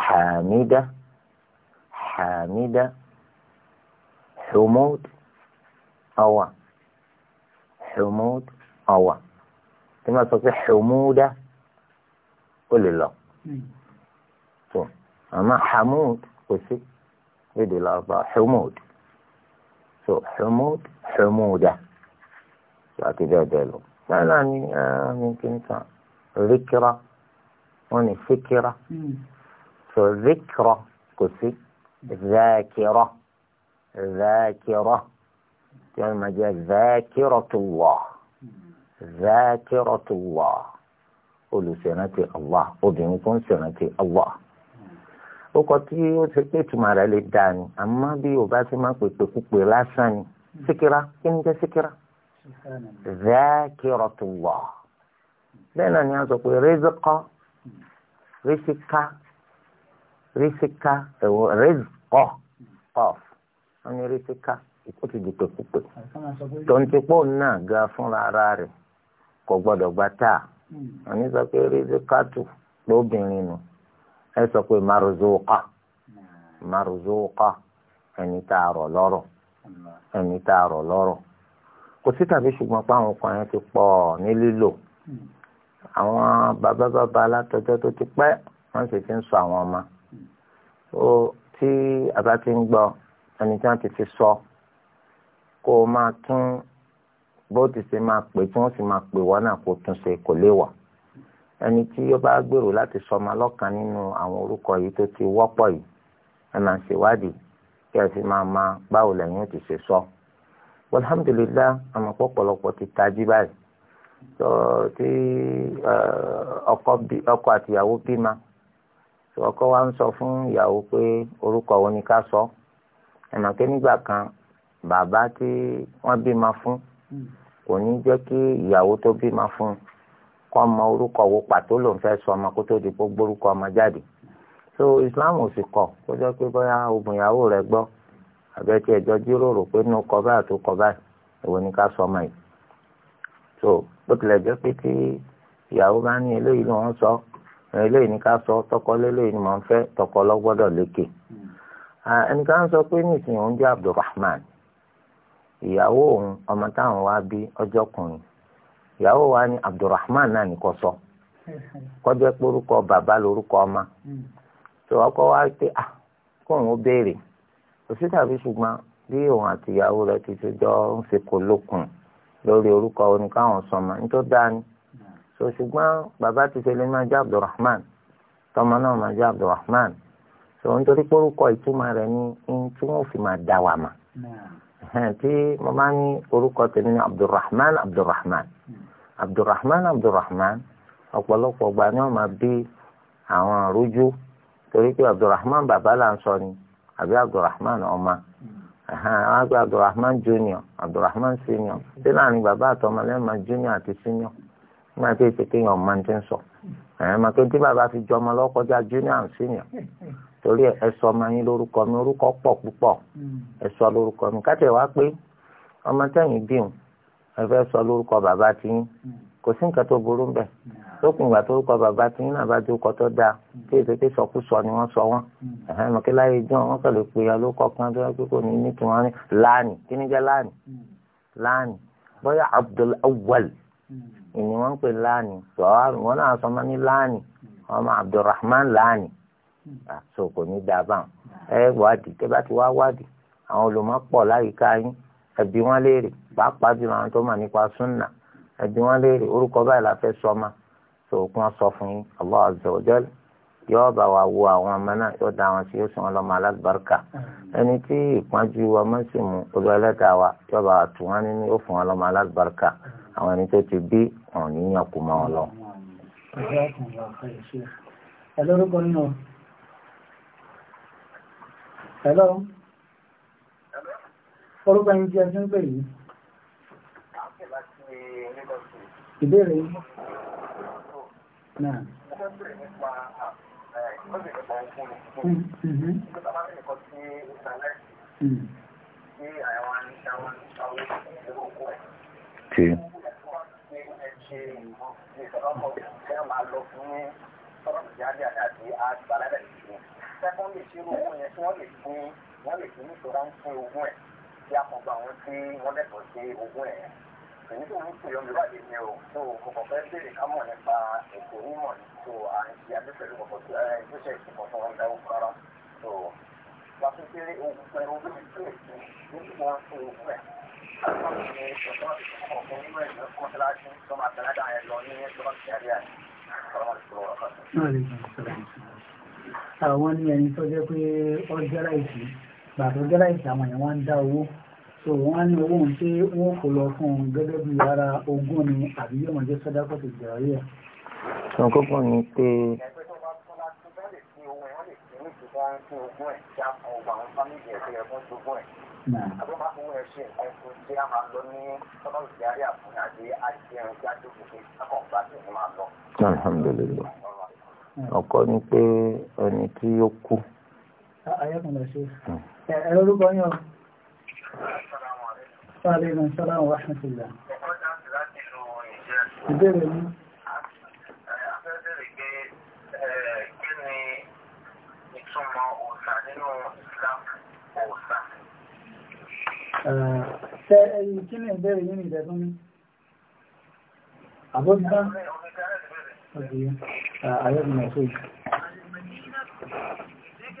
hàmídá hàmídá humud awa humud awa. كما تصح حمودة قل الله أما حمود قسي يدي الأرض حمود سو حمود حمودة يعطي ذا ذلك فأنا يعني، آه، ممكن ذكرى وني فكرة سو ذكرى قسي ذاكرة ذاكرة كما يعني جاء ذاكرة الله zakiratullah olùṣèrántí allah obìnrin tó ń ṣèrántí allah ó kọ tí ó ti pé ìtumọ̀ rẹ̀ lè dáa ni àmọ́ bí o bá ti máa pèpè púpè lásán ni síkírá kí ni jẹ́ síkírá zakiratullah bẹ́ẹ̀ náà ni a sọ pé rizqa rizqa rizqa ẹ̀wọ̀ rizqa of wọ́n ní rizqa ó ti dìpẹ́ púpè tó ń ti pọ̀ náà ga fúnra ara rẹ̀ kò gbọ́dọ̀ gba táà hmm. àní sọ pé rizikatu lóbìnrin nù ẹ sọ pé maruzuka hmm. maruzuka ẹni tá a rọ̀ lọ́rọ̀ ẹni tá a rọ̀ lọ́rọ̀ kò sí tàbí ṣùgbọ́n pé àwọn ọkùnrin ti pọ̀ ní lílò hmm. àwọn bàbá bàbá alátọjọ́ tó ti pẹ́ wọ́n sì ti ń sọ àwọn ọmọ ó tí a bá ti ń gbọ́ ẹni tí wọ́n ti fi sọ kó o máa tún bó ti ṣe máa pè tí wọ́n sì máa pè wọ́n náà kó tún ṣe kò léwà ẹni tí ó bá gbèrò láti sọmọ lọ́kàn nínú àwọn orúkọ yìí tó ti wọ́pọ̀ yìí ẹ máa ṣèwádìí kí ẹ fi máa ma báwo lẹ́yìn ó ti ṣe sọ. alhamdulillah àmọ́ pọ̀pọ̀lọpọ̀ ti tají báyìí tó tí eh, ọkọ àtìyàwó bímọ tí ọkọ wa ń sọ fún ìyàwó pé orúkọ wo ni ká sọ ẹ̀nà pé nígbà kan bàbá tí wọ́n bímọ fún. Hmm kò ní jẹ́ kí ìyàwó tó bímọ fún un kọ́ ọmọ orúkọ wo pàtó lòun fẹ́ sọ ọmọ kó tó di kó gbórúkọ ọmọ jáde so Islam ò sì kọ̀ kó jẹ́ pé bóyá ogun ìyàwó rẹ̀ gbọ́ àbẹ́tí ẹjọ́ jíròrò pé inú kọ báyà tó kọ báyà èwo ni ká sọ ọmọ yìí so bó tilẹ̀ jẹ́ pé tí ìyàwó bá ní eléyìí ló ń sọ eléyìí ni ká sọ tọkọ lélẹ́yìí ni mò ń fẹ́ tọkọ lọ́gbọ́dọ̀ lékè ẹnìkan sọ pé nísìnyí òun jẹ́ Abdulrahman ìyàwó òun ọmọ táwọn wá bí ọjọ́ kùnrin ìyàwó wa ni Abdulrahman náà ní kò sọ kọjá pé orúkọ bàbá lorúkọ ọmọ tó ọkọ wa pé à ah, kóun ó béèrè òsì tàbí ṣùgbọ́n bí òun àti ìyàwó rẹ̀ ti ti jọ ń fi kò lókun lórí orúkọ oníkàwọn sọmọ nítorí dání so ṣùgbọ́n bàbá ti ṣẹlẹ̀ máa jẹ́ Abdulrahman tọmọ náà máa jẹ́ Abdulrahman so nítorí pé orúkọ ìtumọ̀ rẹ̀ ni ní tí wọ́n fi máa dá wa mà tí mo máa ń orúkọ tèmi ní abdulrahman abdulrahman abdulrahman abdulrahman ọ̀pọ̀lọpọ̀ ọgbà ni wọ́n máa bí àwọn àrújú torí pé abdulrahman bàbá là ń sọ ni àbí abdulrahman ọmọ àwọn àgbà abdulrahman junior abdulrahman senior ṣé láàrin bàbá àtọmọ lẹ́ẹ̀ma junior àti senior nígbà tí èsì kéèyàn máa ń ti ń sọ ẹ̀ẹ́n máa kéńtì bàbá fi jọmọ lọ́kọjá junior and senior torí ẹ sọ ọmọ yín lórúkọ mi orúkọ pọ̀ púpọ̀ hmm. ẹ sọ lórúkọ mi kátẹ wá pé ọmọ tẹ̀yìn bíun ẹ fẹ́ sọ lórúkọ bàbá tiyín hmm. kò sí nǹkan tó burú bẹ́ẹ̀ hmm. lókun ìgbà tó kọ bàbá tí nínú àbájọ ọkọ tó dáa tí èsì pé sọkúsọ ni wọ́n sọ wọ́n ẹhẹn mọ kí láyé jọ wọ́n kàn lè pe alókọ kan tó yẹ kó ní ní tí wọ́n ní láàní kí ni jẹ́ láàní láàní bóyá Abdul Awwal ìní wọ́n pè láàní wọn náà sọ ma ní láàní ọmọ Abdulrahman láàní. Hmm. Ah, so kò ní dáa báwọn ẹ wádìí tẹ bá ti wá wádìí àwọn olùmọ̀ pọ̀ láyìíká yín ẹbí wọn léèrè pàápàá jùlọ àwọn tó mà nípa súnà ẹbí wọn léèrè orúkọ báyìí la fẹ́ sọ ma so kí wọ́n sọ fún yín Allah azza wa jalla yóò bá wa wo àwọn ọmọ náà yóò da wọn sí yóò sún ọlọmọ alábàárìkà hmm. ẹni tí ìpọ́njú ọmọ sì mú olùwẹlẹta wa yóò bá wa tù wọn nínú yóò fún ọlọmọ alábàárìkà àwọn ẹni tó ti bí wọn ò ní yàn kú mọ ọ lọ. Hmm. ẹ lórúkọ nínú Hello. Orúkọ ẹni tí ẹ ti ń pè yìí. Ìbéèrè yìí. Náà. Tí sẹ́kọ́n lè ṣe ogun yẹn tí wọ́n lè fún wọ́n lè fún nítorí wọ́n fún ogun ẹ̀ tí a kàn gba àwọn tí wọ́n lẹ́tọ̀ọ́ sí ogun ẹ̀ èyí tó ń pè ọ́ mìíràn ni o tó kọ̀kọ́ fẹ́ béèrè ká mọ̀ nípa ètò onímọ̀ tó à ń ṣe abẹ́fẹ́lú kọ̀kọ́ tó ẹ̀ tó ṣe ìṣẹ̀kọ̀ tó ń dáwó rárá tó wá fún pé ogun pẹ̀lú ogun tó èsì ní wọ́n fún ogun ẹ̀ àwọn ọmọ ìṣọ̀tọ́ ìṣọ̀kọ̀ fún nínú ẹ̀ lọ́kọ́ àwọn ní ẹni tó jẹ́ pé ọjọ́lá ìsì bàtà ọjọ́lá ìsì àwọn èèyàn wọ́n ń dá owó so wọ́n ní owó ń ṣe wọ́n kò lọ fún un gẹ́gẹ́ bí ara ogún ni àbí yóò máa jẹ́ sọ́dákọ̀ tó jẹ́ ọ̀rẹ́ ẹ̀. sọ kókó ni pé. Alhamdulillah ọkọ ni pé ẹni tí ó kú. ẹ̀rọ orúkọ yàn sáré náà sọ́lá wà ṣàtìlá. ìbéèrè mi. Ṣé ẹ̀yìn kí ni ìbéèrè yìí ni ìdẹ̀tún mi? Àbójútá. Ọmọ ìdára Uh, I have a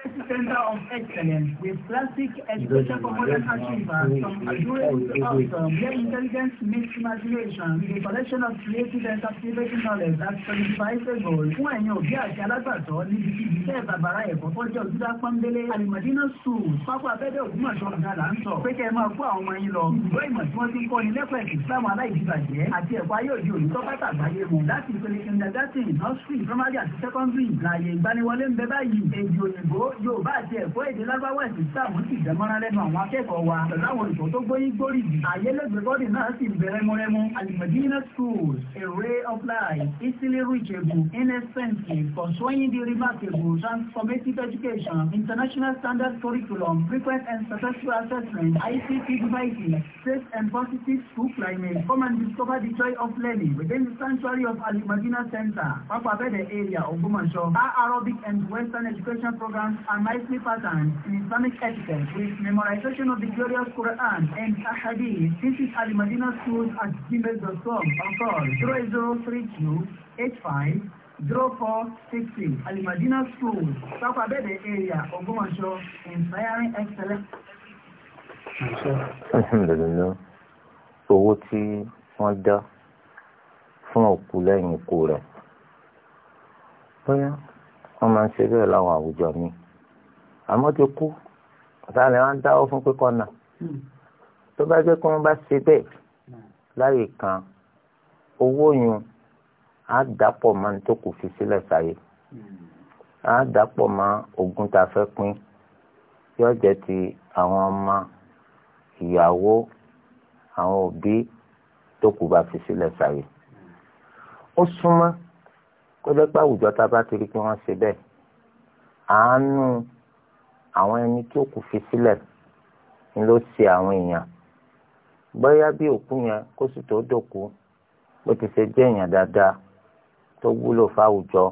Center of Excellence with plastic education component achievers from assurance outcome where intelligence meets imagination with a collection of creative and captivating knowledge that solidifies a goal. Fún ẹ̀yin òbí àti alágbàtọ́ níbi tí ìbílẹ̀ bàbàrà ẹ̀kọ́ fọ́jọ́ òdúdá pọ́nbélé Alimadina School pápá abẹ́dẹ̀ Ògbómọ̀ṣọ́ ọ̀gádà ń sọ pé kẹ́ ẹ máa kó àwọn ọmọ yín lọ. Ìgbó ìmọ̀ tí wọ́n ti ń kọ́ni lẹ́kọ̀ọ́ ẹ̀kí Islam aláìdíbàjẹ́ àti ẹ̀kọ́ ayé òde òní tọ́pátà àgbáyé mu. Láti ìpele kindergarten, nursery, primary àti secondary. Láàyè ìgbaniwọlé ń bẹ báyìí. Èdè òyìnbó, Yorùbá àti ẹ̀kọ́ èdè lágbáwá ẹ̀sìn sáàmù sì dẹ́mọ́ra lẹ́nu àwọn akẹ́kọ̀ọ́ wa pẹ̀lú àwọn tó gbóyìn gbóríyìn. Àyẹlẹ́gbẹ̀bọ́dì náà sì bẹ̀rẹ̀ mọ́rẹ́mọ́. Alimadina schools, a ray of light, easily reachable, inexpensive, pursuing the remarkable, transformative education, international standard curriculum, frequent and successful assessment, ICT devices, safe and positive school climate. Come and discover the joy of learning within the sanctuary of Alimadina Center, Papa Bede area, Ogbomoso. Our Arabic and Western education programs A nicely patterned in Islamic etiquette with memorization of the glorious Quran and Ahadith. This is Al Madina School at gmail.com or call 0032 85 0460. Al Madina School, Papa Bebe area, Ogumasho, inspiring excellence. alhamdulilayi owó tí wọ́n dá fún òkú lẹ́yìn ikú rẹ̀ bóyá wọ́n máa ń ṣe bẹ́ẹ̀ láwọn àwùjọ míì àmọ́ ti kú ọ̀tá rẹ̀ wá ń dáwọ́ fún pípọ̀ náà hmm. tó bá jẹ́ kí wọ́n bá ṣe bẹ́ẹ̀ hmm. láyè kan owó yun á dàpọ̀ mọ́ ní tó kù fi sílẹ̀ sáyé hmm. á dàpọ̀ mọ́ ogún tá a fẹ́ pín yóò jẹ́ ti àwọn ọmọ ìyàwó àwọn òbí tó kù bá fi sílẹ̀ sáyé ó súnmọ́ kó jẹ́ pé àwùjọ tá a bá ti rí pé wọ́n ṣe bẹ́ẹ̀ àánú àwọn ẹni tí òkú fi sílẹ̀ ni ló ṣe àwọn èèyàn bóyá bí òkú yẹn kó sì tó dòkú bó ti ṣe jẹ́ èèyàn dáadáa tó wúlò fáwùjọ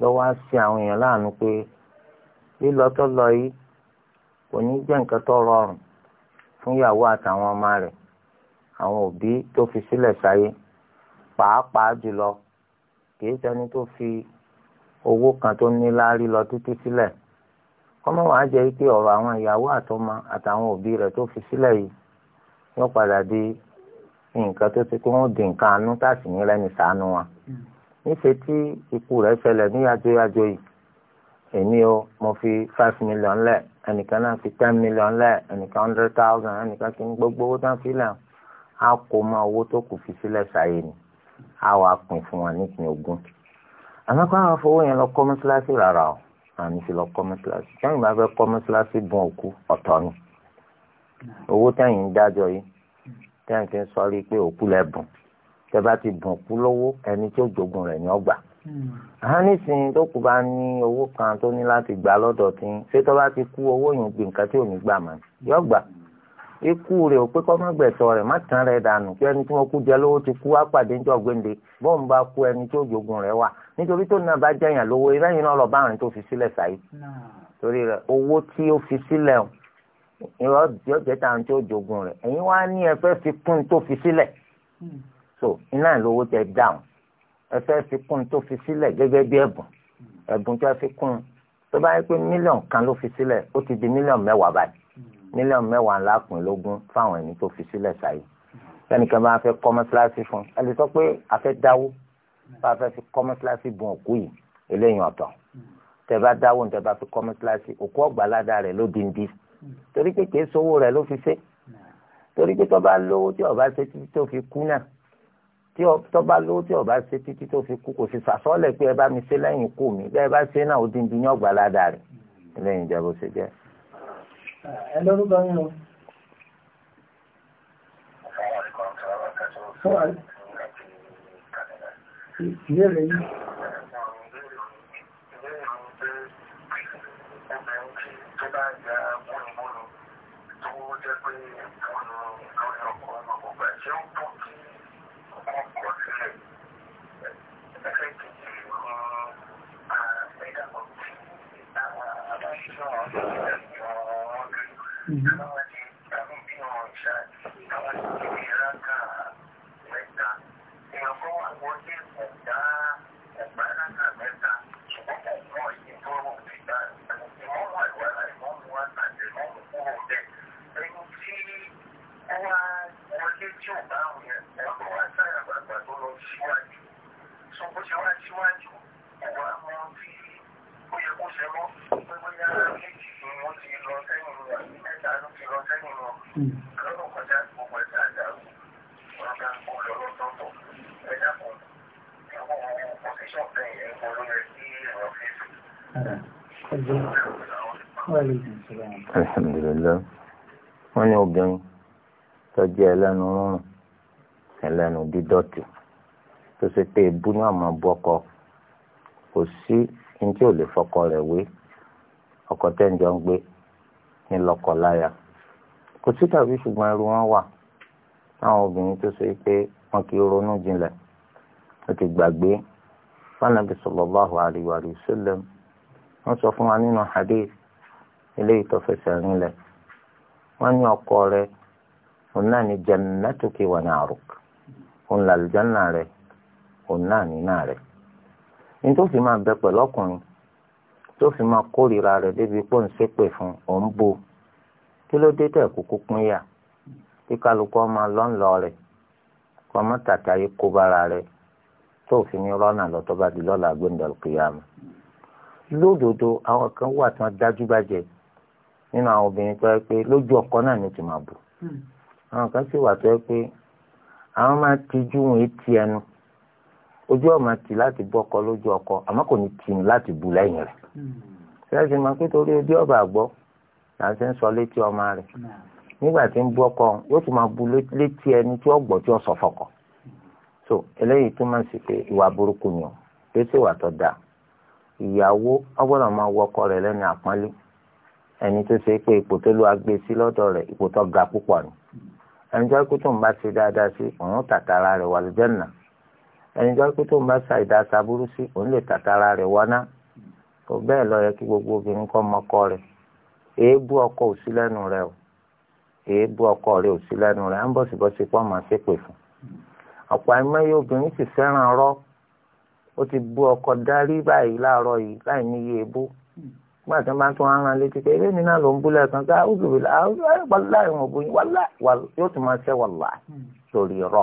lọ́wọ́ á ṣe àwọn èèyàn láàánú pé lílọ tó lọ yìí kò ní jẹ́ nǹkan tó rọrùn fún ìyàwó àtàwọn ọmọ rẹ̀ àwọn òbí tó fi sílẹ̀ sáyé pàápàá jùlọ kì í ṣẹni tó fi owó kan tó ní láárí lọ títí sílẹ̀. Si kọ́mọ́ wàá jẹ́ pé ọ̀rọ̀ àwọn ìyàwó àtọmọ àtàwọn òbí rẹ̀ tó fi sílẹ̀ yìí yóò padà di nǹkan tó ti pé wọ́n di nǹkan àánú táàsì ní lẹ́ni sàánú wa hmm. níṣẹ́ tí ikú rẹ̀ ṣẹlẹ̀ ní yàjóyàjó yìí èmi o mo fi five million lẹ̀ ẹnìkan náà fi ten million lẹ̀ ẹnìkan hundred thousand ẹnìkan kí n gbogbo owó tán fi lẹ̀ á kó mọ owó tó kù fi sílẹ̀ ṣàyè ni á wàá pín fún wa nípìn ogún àmọ́ kí wọ́n fowó yẹn lọ àmì fi lọ kọ́ mọ́ṣáláṣí sẹ́yìn bá fẹ́ kọ́ mọ́ṣáláṣí bùn òkú ọ̀tọ̀ ni owó tẹ̀yìn ń dájọ́ yìí tẹ̀yìn ti ń sọrí pé òkú lẹ bùn tẹ bá ti bùn òkú lówó ẹni tí ó jogun rẹ̀ ní ọgbà hmm. àwọn nísìnyí tó kù bá ní owó kan tó ní láti gbà lọ́dọ̀ tí ṣé tó bá ti kú owó yìí gbé nǹkan tí ò ní gbà mọ́ yọ gbà ikú rẹ̀ ò pé kọ́ má gbẹ̀tọ̀ rẹ̀ má tán rẹ̀ dànù kí ẹni tí wọ́n kú jẹ lówó ti kú á pàdé níjọ́ gbéǹde bóun bá kú ẹni tí ó jogun rẹ̀ wà nítorí tó náà bá jẹyàn lówó irú ẹ̀yin náà lọ bá àrùn tó fi sílẹ̀ sáyé torí rẹ̀ owó tí ó fi sílẹ̀ ìrọ̀ yóò jẹ́ tàn tí ó jogun rẹ̀ ẹ̀yin wá ní ẹ fi kún tó fi sílẹ̀ hmm. so iná lówó tẹ dáhùn ẹ fi kún tó fi sílẹ̀ gẹ́gẹ́ bí ẹ̀bùn ẹ̀bùn tó fi kún tó bá yẹ pé mílíọ̀nù kan ló fi sílẹ̀ ó ti di mílíọ̀nù mẹ́wàá báyìí hmm. mílíọ̀nù mẹ́wàá ńlá fáwọn ẹni tó fi sílẹ̀ sáyé ẹnìkan bá fẹ́ kọ́ mọ́ṣáláṣí fún ẹ lè sọ pé a dáwó bá a fẹ́ fi kọ́ mọ́sálásí bùn òkú yìí eléyìí ọ̀tọ̀ tẹ bá dáwó tẹ bá fi kọ́ mọ́sálásí òkú ọ̀gbàládà rẹ̀ ló dindi torí pé kìí sówó rẹ̀ ló fi ṣe torí pé tó bá lówó tí ọba ṣe títí tó fi kú náà tí tó bá lówó tí ọba ṣe títí tó fi kú kò sì sàsọ́ọ̀lẹ̀ pé ẹ bá mi ṣe lẹ́yìn ikú mi bẹ́ẹ̀ bá ṣe náà ó dindi ní ọ̀gbàládà rẹ̀ eléyìí ìjọba ṣe jẹ́. ẹ lórúkọ yín o ìbéèrè Mm-hmm. tí ò bá àwọn yẹn ẹ̀kọ́ wá sára àgbààgbà tó lọ síwájú sọ bó ṣe wá síwájú ọ̀wá mọ́ tí ó yẹ kó ṣe mọ́ pé bóyá méjì ni wọ́n ti lọ sẹ́yìn wọn àbí mẹ́ta ló ti lọ sẹ́yìn wọn lọ́nà kọjá gbogbo ẹ̀ka àdàrú wọn bá kó lọ lọ́tọ̀ọ̀tọ̀ ẹ̀dá kan ẹ̀kọ́ wọn bẹ́ẹ̀ ẹ̀kọ́ ló yẹ kí ẹ̀rọ fẹ́ẹ́ Alhamdulillah. Wọ́n ní obìnrin tọ́jú ẹlẹ́nu rúnrún ẹlẹ́nu didọtụ tó ṣe pé ebú ní àmọ́ bú ọkọ kò sí ní tí ò lè fọkọ rẹ̀ wé ọkọ tẹ́ǹjọ́ ń gbé ní lọ́kọláya kò sí tàbí ṣùgbọ́n wọn wà láwọn obìnrin tó ṣe pé wọn kì í ronú jinlẹ̀ ó ti gbàgbé fanabi sọ fún wa nínú hadith ilé ìtọ́fẹsẹ̀ rinlẹ̀ ọkọ rẹ̀ òun ni jannatuki wa naruk òun là lùjánà rẹ òun náà rẹ tó fi máa bẹ pẹ̀lú ọkùnrin tó fi máa kórìíra rẹ débi pé òun ṣépè fún òun bo kí ló dé tẹ̀ yà kí kálukú ọmọ lọ́nlọ rẹ kọ́ ọmọ tàtà yìí kó bára rẹ tó fi ní rọ́nà lọ́tọ́ bá di lọ́la lódodo àwọn kan wà tí wọ́n dájú ọkọ náà ni ó àwọn kan sì wà tó yẹ pé àwọn máa tijú ẹnu ojú ọ̀ ti láti bọ ọkọ lójú ọkọ àmọ́ kò ní bu ní láti bù lẹ́yìn rẹ̀ ṣẹ́ẹ́sì máa pé torí ojú ọba àgbọ́ là ń ṣe ń sọ létí ọmọ ọkọ yóò tún máa bu létí ẹni tí gbọ tí sọ fọkọ so eléyìí túmọ̀ sí pé ìwà burúkú ni ó pèsè wà tó dáa ìyàwó ọkọ ẹni tó ṣe pé ipò tó ẹni tó kú tó ń bá ṣe dáadáa sí òun tàtàrà rẹ̀ wà lùjẹ́nà ẹni tó kú tó ń bá ṣe ìdásá burú sí òun lè tàtàrà rẹ̀ wọná kò bẹ́ẹ̀ lọ yẹ kí gbogbo obìnrin kọ́ mọ́kọ rẹ̀ èébú ọkọ ò sí lẹ́nu rẹ̀ o èébú ọkọ rẹ̀ ò sí lẹ́nu rẹ̀ à pọ́ máa ṣépè fún ọ̀pọ̀ àìmọye obìnrin sì fẹ́ràn rọ́ ó ti bú ọkọ dárí báyìí láàárọ̀ yìí láì níye ebú nígbà tí wọ́n bá ń tún ara létí pé eré mi náà ló ń búlẹ̀ kan ká ọ̀gbìn wàláì wọn bóyin wàláì yóò tún máa ṣe wàláì lórí rọ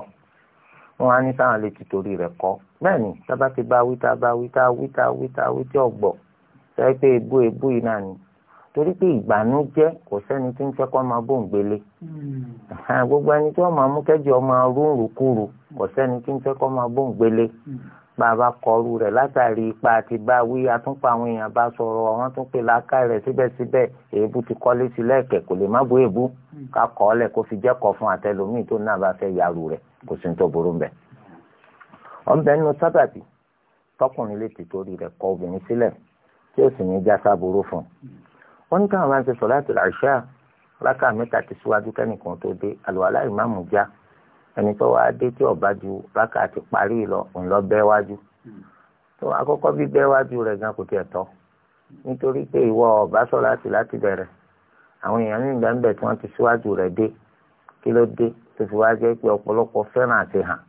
wọn á ní sáwọn létí torí rẹ̀ kọ bẹ́ẹ̀ ni tábà ti bá wíta bá wíta wíta wíta wíta ọ̀gbọ̀ sẹ́yìn pé ebú ebú yìí náà ni torí pé ìgbànújẹ́ kò sẹ́ni tí ń fẹ́ kó máa bò ń gbélé gbogbo ẹni tí wọ́n máa mú kẹ́jọ máa rúnrùkúrù kò sẹ́ni tí ń fẹ́ kó máa bò ń gbélé bàbá kọrú rẹ̀ látàrí ipa àti bá wí atúnpọ̀ àwọn èèyàn bá sọ̀rọ̀ àwọn tó pè láká rẹ̀ síbẹ̀síbẹ̀ èébú ti kọ́lé sí lẹ́ẹ̀kẹ́ kò lè má bó èébú hmm. ká kọ́ ọ lẹ̀ kó fi jẹ́kọ̀ọ́ fún àtẹlómìn tó náà bá fẹ́ yàrú rẹ̀ kò sí ní tó burú mbẹ́. ọ̀nbẹ nínú sábàbí tọkùnrin lè ti torí rẹ̀ kọ obìnrin sílẹ̀ tí ó sì ní já sáburú fún un. wọ́n ní káwọn máa ń ṣe sọ̀láàtì láìṣà rákà mẹ́ta ti síwájú kẹ́nìkan tó dé àlùwàlá ìmáàmù já ẹni tó wá dé tí ọba ju rákà ti parí lọ òun lọ bẹ́ wájú tó àkọ́kọ́ bí bẹ́ wájú rẹ̀ gan kò tiẹ̀ tọ́ nítorí pé ìwọ ọba sọ láti láti bẹ̀rẹ̀ àwọn èèyàn ní ìgbà ń bẹ̀ tí wọ́n ti síwájú rẹ̀ dé kí ló dé tó fi wá jẹ́ pé ọ̀pọ̀lọpọ̀ fẹ́ràn àti hàn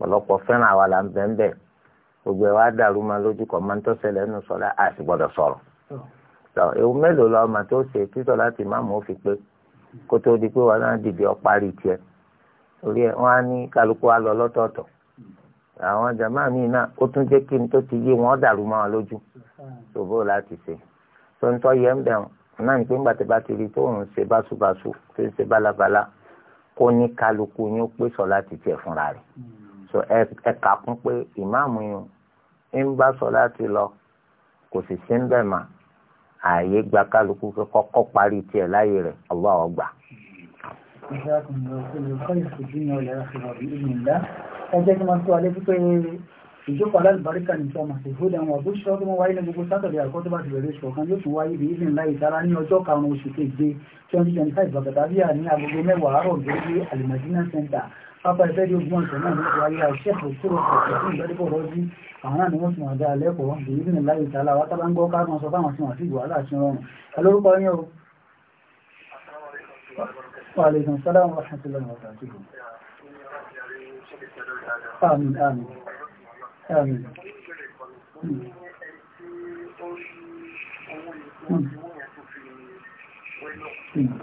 ọ̀pọ̀lọpọ̀ fẹ́ràn àwa là ń bẹ̀ ń bẹ̀ gbogbo ẹ̀ wá dàrú ma lójú kan máa ń tọ́ ṣẹlẹ̀ nù sọ́lá àti gbọ́dọ̀ sọ̀rọ̀ tọ ewu mélòó lọ́ọ́ mà tó ṣe títọ́ láti má mú ó pé kó tó di pé wọn náà dìde ọ parí tiẹ̀ torí ẹ wọn á ní kálukú wa lọ lọ́tọ̀ọ̀tọ̀ àwọn jàmáà míì náà ó tún jẹ́ kí n tó ti yé wọn dàrú mọ́ wọn lójú ṣòbó láti ṣe tó ń tọ́ yẹ ń bẹ̀rù náà ní pé ńgbà tí bá ti rí tó ń ṣe báṣubàṣu tó ń ṣe bálabàla kó ní kálukú yín ó pé sọ láti tiẹ̀ fúnra rẹ̀ so ẹ kà kún pé ìmáàmù yín ń bá sọ láti lọ kò sì sí ń bẹ̀ mà ààyè gba kálukú kọ́kọ́ parí tiẹ̀ láyé rẹ̀ ọlọ́ọ̀gbà ìṣàkùn olùkọ́ ìṣòjúyàn ilẹ̀ àfihàn bí ìlú ńlá ẹjẹ́ kí máa tó alẹ́ pípẹ́ ìjókòó alálùbáríkà ní sọmọ ìfúdà wọn bó ṣọ́ tó mọ́ wáyé ní gbogbo sátọ̀dẹ̀ àkọ́ tó bá ti bẹ̀rẹ̀ ṣọ̀ kan yóò tún wáyé bí ìlú ńlá ìtara ní ọjọ́ karùn-ún oṣù keje 2025 bàbàtàbíà ní agogo mẹ́wàá àárọ̀ lórí alimadina center pápá ẹgbẹ́ ní ogun ọ̀sẹ̀ náà ní wáyé àṣẹ òṣèrò ọ̀sẹ̀ fún ìgbẹ́dẹ́kọ̀ rọ́jí àwọn náà ni wọ́n ti wọ́n dá lẹ́kọ̀ọ́ èyí ní láyé ìtàlá wá tábà ń gbọ́ káàkiri sọ fáwọn tí wọ́n sì wà láti rọrùn alórúkọ yẹn o وعليكم السلام ورحمة الله وبركاته آمين آمين آمين Mm-hmm.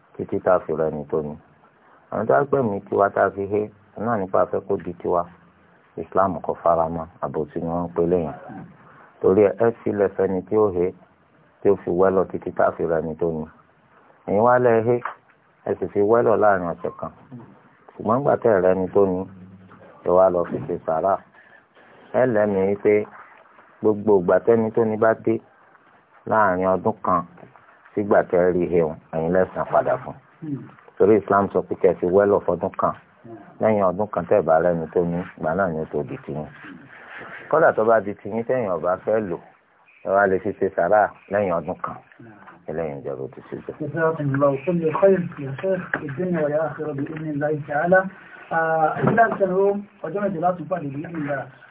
títí tá a fi rẹ ní tóní àwọn tó agbẹ̀mí tiwa tá a fi hé náà nípa afẹ́ kó di tiwa islam kò fara mọ́ àbòtí ni wọ́n ń pè lẹ́yìn torí ẹ sílẹ̀ fẹ́ni tí ó hé tí ó fi wẹ́lọ̀ títí tá a fi rẹ ní tóní ẹ̀yin wá lẹ́ hé ẹ sì fi wẹ́lọ̀ láàrin ọ̀sẹ̀ kan ṣùgbọ́n gbà tẹ̀ rẹ ní tóní ẹ wá lọ fi ṣe sàrà ẹ lẹ́mìí pé gbogbo ìgbà tẹ́ni tóní bá dé láàrin ọdún kan sígbà tẹ́ rí heun ẹ̀yin lẹ́sàn padà fún torí Islam sọ pé kẹsì wẹ́lọ̀ fọdún kan lẹ́yìn ọdún kan tẹ́ bá lẹ́nu tó ní ìgbà náà ni ó tó di tiyín kódà tó bá di tiyín tẹ́yìn ọba fẹ́ lò ẹ wá lè fi ṣe sàrà lẹ́yìn ọdún kan eléyìí ń jẹ́rọ ti ṣe jẹ́. جزاكم الله كل خير يا شيخ الدنيا والآخرة بإذن الله تعالى إلى السلام وجمع جلاتي